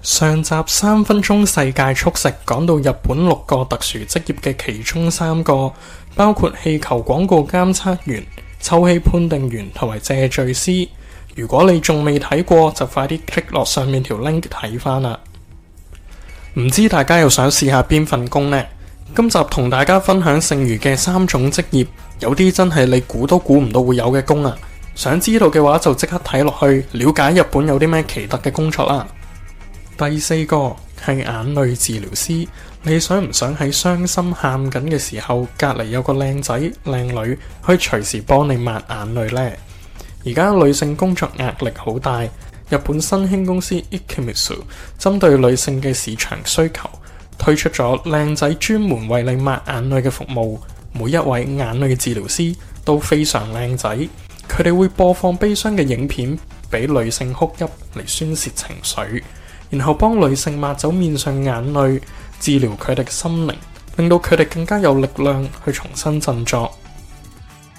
上集三分鐘世界速食講到日本六個特殊職業嘅其中三個，包括氣球廣告監測員、臭氣判定員同埋謝罪師。如果你仲未睇過，就快啲 click 落上面條 link 睇翻啦。唔知大家又想試下邊份工呢？今集同大家分享剩餘嘅三種職業，有啲真係你估都估唔到會有嘅工啊。想知道嘅話就即刻睇落去了解日本有啲咩奇特嘅工作啦。第四個，係眼淚治療師，你想唔想喺傷心喊緊嘅時候，隔離有個靚仔靚女可以隨時幫你抹眼淚呢？而家女性工作壓力好大，日本新興公司 Ichimisu 針對女性嘅市場需求推出咗靚仔專門為你抹眼淚嘅服務。每一位眼淚治療師都非常靚仔，佢哋會播放悲傷嘅影片俾女性哭泣嚟宣泄情緒。然後幫女性抹走面上眼淚，治療佢哋嘅心靈，令到佢哋更加有力量去重新振作。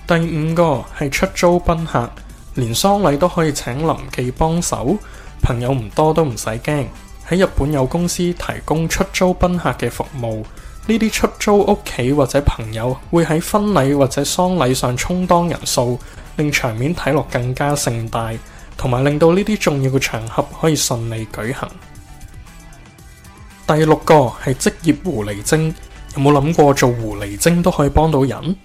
第五個係出租賓客，連喪禮都可以請臨記幫手。朋友唔多都唔使驚，喺日本有公司提供出租賓客嘅服務。呢啲出租屋企或者朋友會喺婚禮或者喪禮上充當人數，令場面睇落更加盛大。同埋令到呢啲重要嘅場合可以順利舉行。第六個係職業狐狸精，有冇諗過做狐狸精都可以幫到人？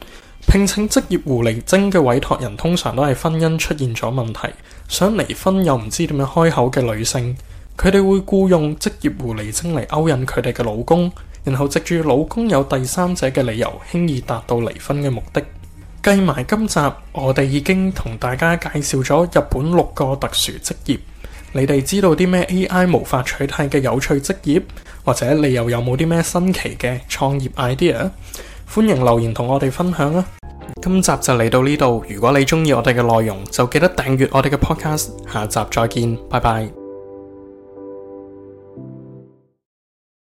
聘請職業狐狸精嘅委託人通常都係婚姻出現咗問題，想離婚又唔知點樣開口嘅女性，佢哋會僱用職業狐狸精嚟勾引佢哋嘅老公，然後藉住老公有第三者嘅理由，輕易達到離婚嘅目的。計埋今集，我哋已經同大家介紹咗日本六個特殊職業。你哋知道啲咩 AI 無法取代嘅有趣職業？或者你又有冇啲咩新奇嘅創業 idea？歡迎留言同我哋分享啊！今集就嚟到呢度。如果你中意我哋嘅內容，就記得訂閱我哋嘅 podcast。下集再見，拜拜。